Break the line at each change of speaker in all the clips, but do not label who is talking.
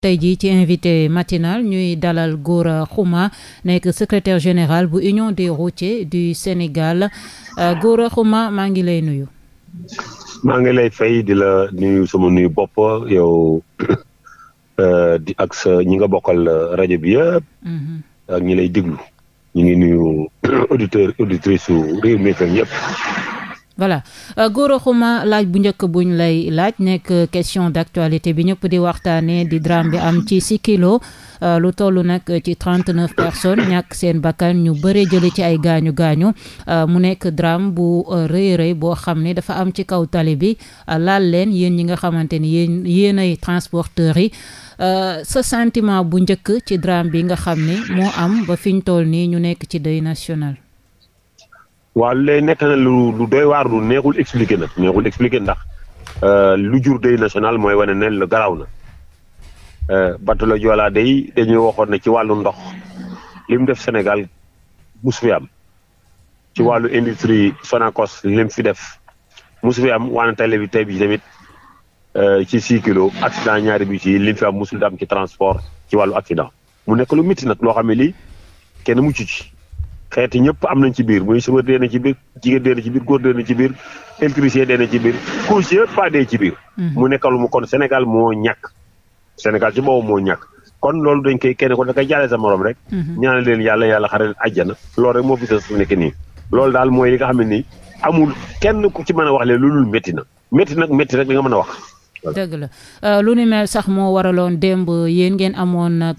tey jii ci invité matinal ñuy dalal góor a Khouma nekk secrétaire général bu union des routiers du Sénégal euh, Gora Khouma maa ngi lay nuyu.
maa ngi lay fay di la nuyu sama nuyu bopp yow euh, di ak sa ñi nga bokkal euh, rajo bi yëpp. Mhm. ak ñi lay déglu ñu ngi nuyu auditeurs auditrices su réew mi yëpp
voilà euh, Gora Khouma laaj bu njëkk buñ lay laaj nekk question d'actualité bi ñëpp di waxtaanee di drame bi am ci Sikilo euh, lu toll nag ci trente neuf personnes ñàkk seen bakkan ñu bëree jële ci ay gaañu gaañu euh, mu nekk drame bu rëy rëy boo xam ni dafa am ci kaw tali bi laal leen yéen ñi nga xamante ni yéen yéen ay transporteurs yi sa sentiment bu njëkk ci drame bi nga xam ne moo am ba fi ñu toll nii ñu nekk ci deuil national.
waaw lay nekk na lu lu doy waar lu neexul expliqué nag neexul expliqué ndax euh, lu jur deuil national mooy wane ne la garaaw na euh, bateau Joola day dañuy waxoon na ci wàllu ndox lim def Sénégal musu fi am ci wàllu industrie Sonacos lim fi def musu fi am waane télé bi tey bi tamit euh, ci six kilos accident ñaari bi ci lim fi am musul am ci transport ci wàllu accident mu nekk lu métti nag loo xam ne lii kenn mucc ci xeeti ñëpp am nañ ci biir muy suba dee na ci biir jigéen dee na ci biir góor dee na ci biir électricien dee na ci biir couche yëpp pas dee ci biir. Mhm. mu nekkal mu kon Sénégal moo ñàkk. Sénégal ci boobu moo ñàkk kon loolu dañ koy kenn ko da koy jaale sa morom rek. Mhm. ñaanal leen yàlla yàlla xare àjjana loolu rek moo fi sa su nekk nii. loolu daal mooy li nga xam ne nii amul kenn ku ci mën a wax leen lu dul métti na métti nag métti rek li mën a wax.
dëgg la euh, lu ni mel sax moo waraloon démb yéen ngeen amoon nag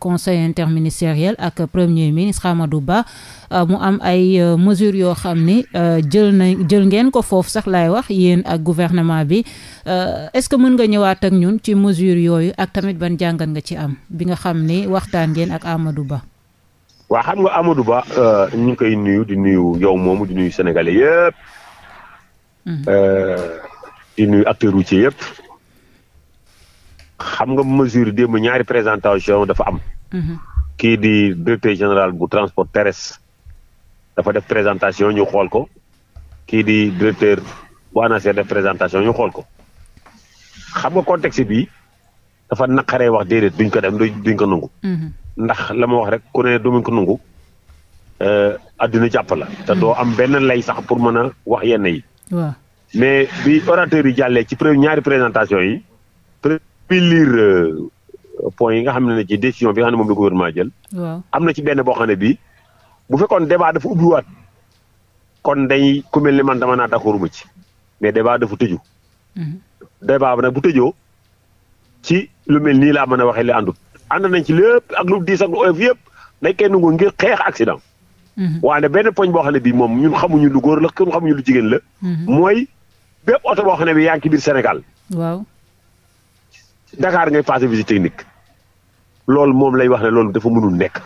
conseil interministériel ak premier ministre Amadou Ba euh, mu am ay euh, mesures yoo xam ni jël na jël ngeen ko foofu sax laay wax yéen ak gouvernement bi est-ce que mën nga ñëwaat ak ñun ci mesures yooyu ak tamit ban jàngat nga ci am bi nga xam ni waxtaan ngeen ak Amadou Ba.
waa xam nga Amadou Ba ñu ngi koy nuyu di nuyu yow moomu di nuyu sénégalais yëpp. Hmm. di nuyu acteurs routiers yëpp xam nga mesure démb ñaari présentation dafa am. Mhm. kii di directeur général bu transport terrestre dafa def présentation ñu xool ko kii di directeur bu ANASER def présentation ñu xool ko xam nga contexte bi dafa naqaree wax déedéet duñ ko dem duñ ko nangu. Mhm. ndax la ma wax rek ku ne du ko nangu. Euh, adduna jàpp la. te doo am benn lay sax pour mën a wax yenn yi. mais bi orateur yi jàllee ci pré ñaari présentation yi bi lire euh, point yi nga xam ne ci décision bi nga xam ne moom la gouvernement jël. am na ci benn boo xam ne bii bu fekkoon débat dafa ubbiwaat kon day ku mel ne man dama naa d'accord ma ci mais débat dafa tëju. Mhm. débat bi nag bu tëjoo ci lu mel nii laa mën a waxee li àndut ànd nañ ci lépp ak lu diis ak lu oyof yëpp dañ kenn nangu ngir xeex accident. Mhm. waaye benn poñ boo xam ne bii moom ñun xamuñu lu góor la kenn lu jigéen la.
Mhm.
bépp oto boo xam ne bi yaa ngi ci biir Sénégal. waaw. Dakar ngay passé visite technique. loolu moom lay wax ne loolu dafa mënul nekk.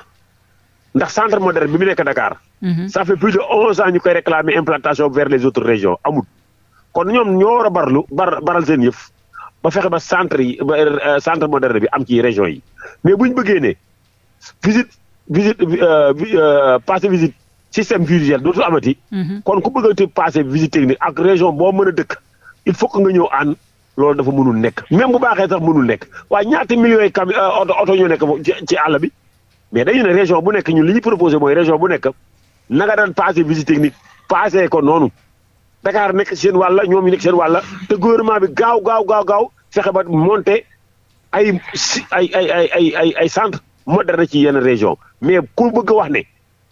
ndax centre moderne bi mu nekk Dakar. Mhm. ça fait plus de onze ans ñu koy réclamer implantation vers les autres régions amul. kon ñoom ñoo war a barlu bar baral seen yëf ba fexe ba centre yi ba euh, centre moderne bi am ci région yi mais bu ñu bëggee ne visite visite euh, euh, passé visite système visuel dootul amati. Mhm. kon ku bëggati passé visite technique ak région boo mën a dëkk il faut que nga ñëw ànd loolu dafa mënul nekk même bu baaxee sax mënul nekk waaye ñaata millions yi euh, oto ñu nekk ci àll bi mais dañu ne région bu nekk ñun li ñu proposé mooy région bu nekk na nga daan passé visite technique passé ko noonu Dakar nekk seen wàlla ñoom ñu nekk seen wàlla te gouvernement bi gaaw gaaw gaaw gaaw fexe ba monté ay si ay ay ay ay ay centre moderne ci yenn région mais ku bëgg wax ne.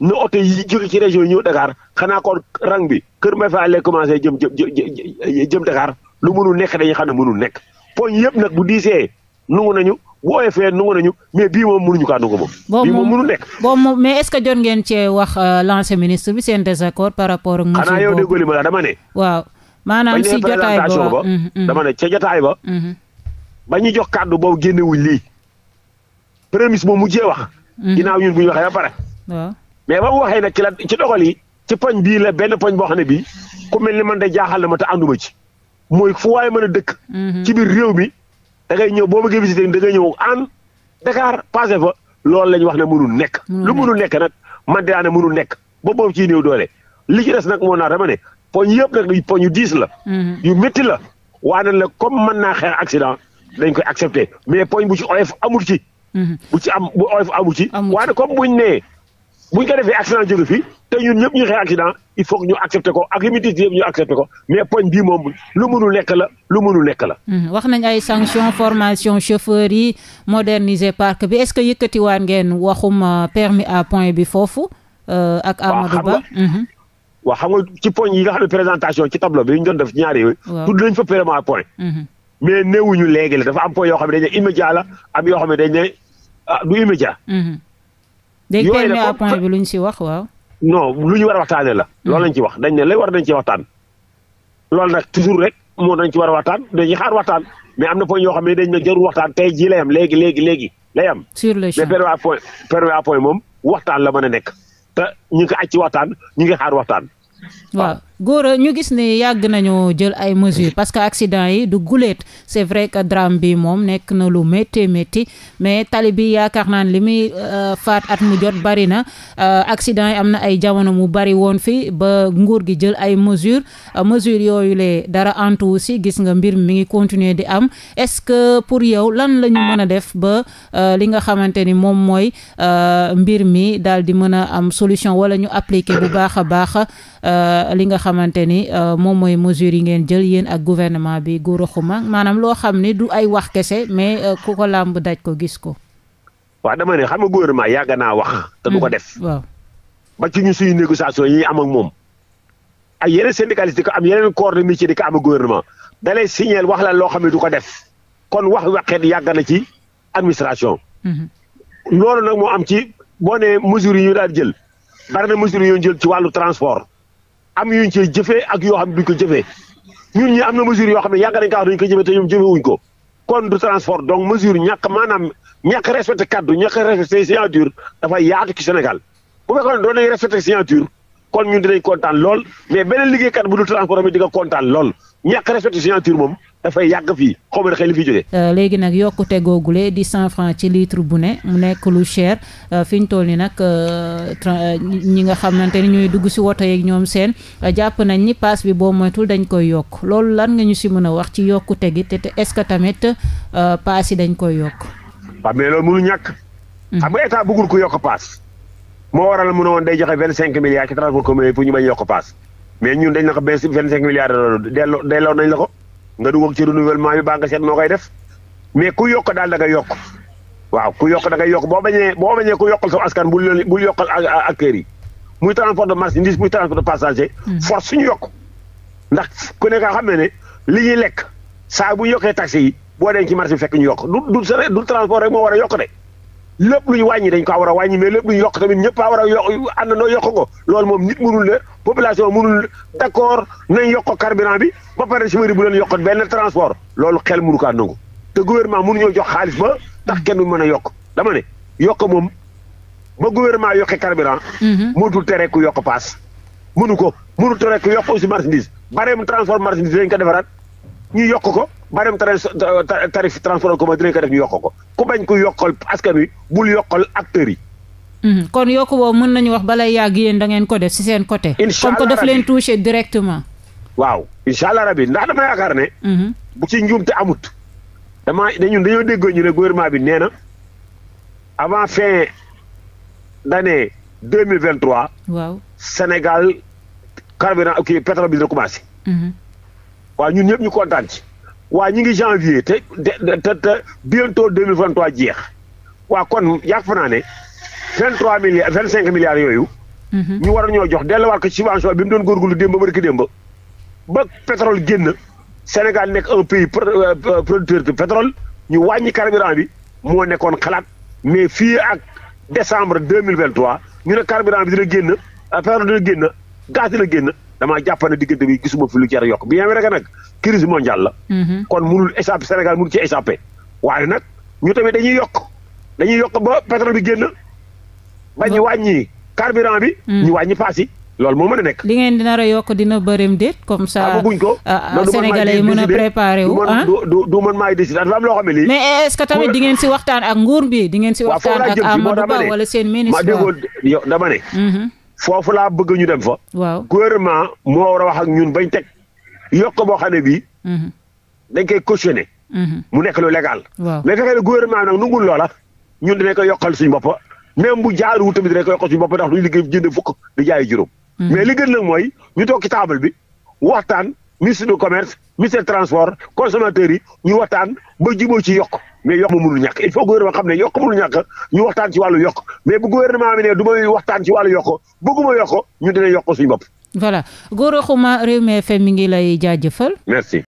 na oto yi jóge ci région yi ñëw Dakar xanaa kon rang bi Kër Mbaye Fall lay commencé jëm jë jëm Dakar lu mënul nekk dañuy xam ne mënul nekk poñ yëpp nag bu diisee nangu nañu bu oyofee nangu nañu mais bii moom mënuñu kaa ko moom. bii moom mënul
nekk boobu moom mais est que jot ngeen cee wax euh, lancer ministre bi seen désaccord par rapport ak. monsieur xanaa yow déggoo li ma la dama ne. waaw maanaam si jotaay ba mm-hmm,
mm-hmm. dama ne ca jotaay ba. Mm-hmm. ba ñu jox kàddu boobu génnewuñ lii. premier ministre moom mujjee wax. ginnaaw ñun bu ñu waxee ba
pare.
mais ba mu waxee nag ci la ci dogal yi ci poñ bii la benn poñ boo xam ne bii ku mel ni man de jaaxal na ma te ànduma ci mooy fu waaye mën a dëkk. Mhm. ci biir réew mi da ngay ñëw boo bëggee visité da ngay ñëw ànd Dakar passé fa loolu la ñu wax ne mënul nekk. lu mënul nekk nag man de daanaka mënul nekk ba boobu ciy néew doole li ci des nag moo naa dama ne poñ yëpp nag poñ yu diis la. Mhm. yu métti la waane la comme mën naa xeex accident dañ koy accepté mais poñ bu ci oyof amul ci. Mhm. bu ci am bu oyof amul ci. amul ci waane comme nee. bu ñu ko defee accident jóge fi te ñun ñëpp ñu xëy accident il faut ñu accepté ko ak limites yëpp ñu accepté ko mais poñ bii moom lu mënul nekk la lu mënul nekk la.
Hmm, wax nañ ay sanctions formation chauffeurs yi moderniser parc bi est-ce que yëkkatiwaat ngeen waxum euh, permis à point bi foofu. Euh, ak Amadou Ba
hmm. waaw xam nga ci poñ yi xam ne présentation ci tableau bi ñu doon def ñaar yooyu. waaw tudd nañ fa permis à point. Hmm. mais néewuñu léegi la dafa am point yoo xam ne dañ ne la am yoo xam ne dañ ne ah, du immédiat.
yooyu la dégg point bi lu ñu si wax waaw.
non lu ñu war a waxtaanee la. Hmm. loolu lañ ci wax dañ ne lay war dañ ci waxtaan. loolu nag toujours rek moom dañ ci war a waxtaan dañuy xaar waxtaan mais am na point ñoo xam ne dañ ne jarul waxtaan tey jii lay am léegi léegi léegi lay am. sur le champ mais permis à point permis à point moom waxtaan la mën a nekk te ñu ngi ci waxtaan ñu ngi xaar waxtaan.
waaw Gora ñu gis ne yàgg nañu jël ay mesures parce que accident yi du guléet c'est vrai que drame bi moom nekk na lu métti métti mais tali bi yaakaar naa ne li muy euh, faat at mu jot bari na euh, accident yi am na ay jamono mu bari woon fi ba nguur gi jël ay mesures euh, mesures yooyu lee dara antu si gis nga mbir mi ngi continuer di am est-ce que pour yow lan la ñu a def ba li nga xamante ni moom mooy mbir mi daal di mën a am solution wala ñu appliquer bu baax a baax. Euh, li nga xamante ni euh, moom mooy mesures yi ngeen jël yéen ak gouvernement bi Gora Khouma maanaam loo xam ni du ay wax kese mais euh, ku ko làmb daj ko gis ko.
waaw dama ne xam nga gouvernement yàgg naa wax. te du ko hmm, def. waaw ba ci ñu suñu négociation yi am ak moom. ak yeneen syndicaliste di ko am yeneen corps de métier di ko am ak gouvernement da lay wax la loo xam ne du ko def kon wax waxeet yàgg na ci administration. Hmm. loolu nag moo am ci boo ne mesures yi ñu daal jël. bari na mesures yi jël ci wàllu transport. am yuñ ci jëfee ak yoo xam ne duñ ko jëfee ñun ñi am na mesure yoo xam ne yàgg nañ ko wax duñ ko jëfee te ko kon du transport donc mesure ñàkk maanaam ñàkk respecté kaddu ñàkk respecté signature dafay yaatu ci Sénégal bu fekkoon ne doon nañ respecté signature kon ñun dinañ kontaan lool mais beneen liggéeykat bu dul transport bi di nga kontaan lool ñàkk respecté signature moom dafay yàgg fii xaw ma xëy li fi
euh, léegi nag yokkute googule di cent franc ci litre bu ne mu nekk lu cher euh, fi ñu toll ni nag euh, ñi nga xamante ni ñooy dugg si woto yeek ñoom seen jàpp nañ ni paas bi boo moytul dañ koy yokk loolu lan nga ñu si mën a wax ci yokkute gi te est-ce que tamit paas yi dañ koy yokk.
waaw mais loolu ñàkk. Hmm. xam nga état bëggul ko yokk paas. moo waral ñu bañ yokk paas mais ñun dañ la ko vingt cinq milliards delloo delloo nañ la ko. nga dugg ci renouvellement bi baa nga seet moo koy def mais ku yokk daal da ngay yokk waaw ku yokk da ngay yokk boo bañee boo bañee ku yokkal sa askan bul leen bul yokkal acteurs yi muy transport de marchandise muy transport de passager. Hmm. force suñu yokk ndax ku nekk xam ne ne li ñuy lekk saa bu ñu yokkee taxi yi boo dee ci marché bi fekk ñu yokk du du du transport rek moo war a yokk de. lépp luy wàññi dañ ko war a wàññi lépp luy yokk tamit ñëpp a war a yokk ànd noo yokk ko loolu moom nit mënul ne population mënul d' accord nañ yokk carburant bi ba pare chauffeur bu leen yokk benn transport loolu xel mënu kaa nangu te gouvernement mënuñoo jox xaalis ba ndax kenn du mën a yokk dama ne yokk moom ba gouvernement yokkee carburant. mënatul mhm. tere ku yokk paas. mënu ko mënu tere ku yokk aussi marchandise barème transport marchandise dañ ko defaraat ñu yokk ko barème tarif transport en commun dinañ ko yokk ko ku bañ ku yokkal askan wi bul yokkal acteurs yi.
Mhm. kon yokku boobu mën nañu wax balay yàgg yéen da ngeen ko def ci seen côté. incha allah comme que daf leen touché directement.
waaw incha allah rabi ndax dama yaakaar ne. Mhm. bu ci njuumte amut. dama dañu dañoo déggoo ñu ne gouvernement bi nee na avant fin d'année deux mille vingt trois. waaw Sénégal carburant kii pétrole bi dina commencé. Mhm. waaw ñun ñëpp ñu kontaan ci. waa ñi ngi janvier te te te bientôt deux mille vingt trois jeex waa kon yàq fa naa ne vingt trois milliards vingt cinq milliards yooyu. Mhm. ñu war ñoo jox delluwaat ko subvention bi mu doon góorgóorlu démb ba ki démb ba pétrole génn Sénégal nekk un pays euh, euh, producteur de pétrole ñu wàññi carburant bi moo nekkoon xalaat mais fii ak décembre deux mille vingt trois ñu ne carburant bi dina génn euh, pétrole dina génn gaz dina génn. damaa jàpp ne diggante bi gisuma fi lu jar yokk bien vrai que nag crise mondiale la. Mhm. kon munul échappé Sénégal munul ci échappé. waaye nag ñu tamit dañuy yokk dañuy yokk ba pétrole bi génn. ba ñu wàññi bi. Mm. ñu wàññi loolu moo mën a
li ngeen di nar yokk dina bërim déet comme ça. amaguñ ah, ko ah, ah, Sénégalais yi mën a préparé wu
du du man maay loo xam ne lii. mais est ce que tamit
di si waxtaan ak nguur bi di ngeen si waxtaan ak Amadou Ba wala seen ministre. ma déggoon
ne. Mhm. foofu laa bëgg ñu dem foo waaw moo war a wax ak ñun bañ teg yokk boo xam ne bii. Mhm. dañ koy cautionné. Mhm. mu nekk lu légal. waaw mais fekkee ne gouvernement bi nag nungul loola ñun dinañ koy yokkal suñu bopp même bu jaaruwul tamit dinañ koy yokkal suñu bopp ndax duñu liggéey jënd fukk di jaay juróom. Mhm. mais li gën nag mooy ñu toog ci table bi waxtaan ministre du commerce ministre transport consommateurs yi ñu waxtaan ba jubóo ci yokk. mais yokk ma mënul ñàkk il faut gouvernement xam ne yokk mënul ñàkk ñu waxtaan ci wàllu yokk mais bu gouvernement bi ne du may waxtaan ci wàllu yokk bëgguma
yokk ñu dina yokk suñu bopp.
voilà Gora Khouma Rewmi FM mi ngi lay jaajëfal.
merci.